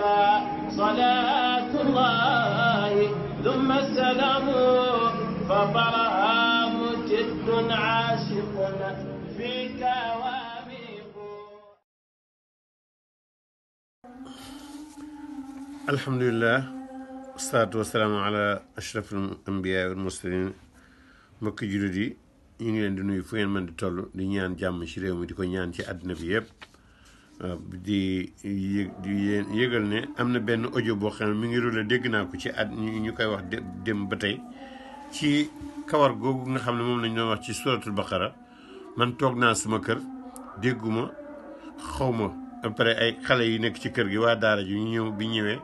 عليك صلاة الله ثم السلام فطرها مجد عاشق فيك واميق الحمد لله والصلاة والسلام على أشرف الأنبياء والمرسلين مكة جلدي ñu ngi leen di nuyu fu ngeen mën di toll di ñaan jàmm ci réew mi di ko ñaan ci àddina bi yépp di yë di yëgal ne am na benn audio boo xam ne mi ngi roule dégg naa ko ci at ñu ñu koy wax dem ba tey ci kawar googu nga xam ne moom lañ doon wax ci suratul baqara man toog naa suma kër dégguma xaw ma après ay xale yi nekk ci kër gi waa daara ji ñu ñëw bi ñëwee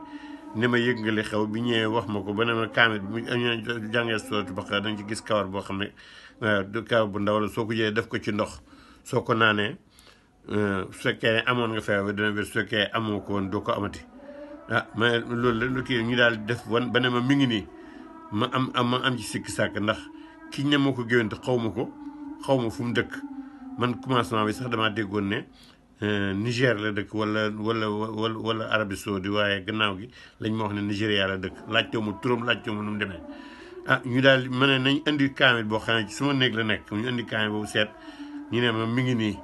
ne ma yëg nga li xew bi ñëwee wax ma ko ba ne ma kaamit bi ñu jàngee suratul baqara dañ ci gis kawar boo xam ne euh, kawar bu ndaw la soo ko jëlee def ko ci ndox soo ko naanee Euh, su fekkee ne amoon nga feebar dina wér su fekkee amoo ko doo ko amati ah ma loolu la lu kii ñu daal def wan ba ne ma mi ngi nii ma am am ma am ci sikki sàkk ndax ki ña ma ko géwént xaw ma ko xaw ma fu mu dëkk man commencement bi sax damaa déggoon ne euh, Niger la dëkk wala wala wala wala Arabie Saoudi waaye gannaaw gi lañ ma wax ne Nigéria la dëkk laajtoo ma turam laajtoo ma nu mu demee. ah ñu daal ma ne nañ indi kaamil boo xam ne ci suma néeg la nekk ñu indi kaamil boobu seet ñu ne ma mi ngi nii.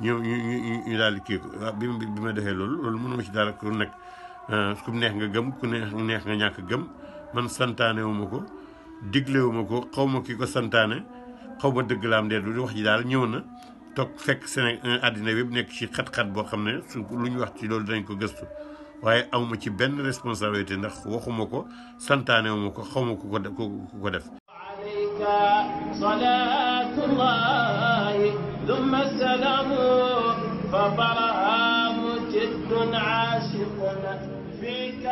ñu ñu ñu ñu daal kii ko bi bi ma defee loolu loolu mënuma ci dara ku nekk euh, ku neex nga gëm ku neex neex nga ñàkk gëm man santaane wu ma ko digle wu ma ko xaw ma ki ko santaane xaw ma dëgg laam dee du wax ji daal ñëw na toog fekk Séné euh, àddina bi nekk ci xat boo xam ne su lu ñu wax ci loolu dañ ko gëstu waaye awma ci benn responsabilité ndax waxuma ko santaane wu ma ko xaw ma ku ko ku ko def. ثم السلام فبرهام جد عاشق فيك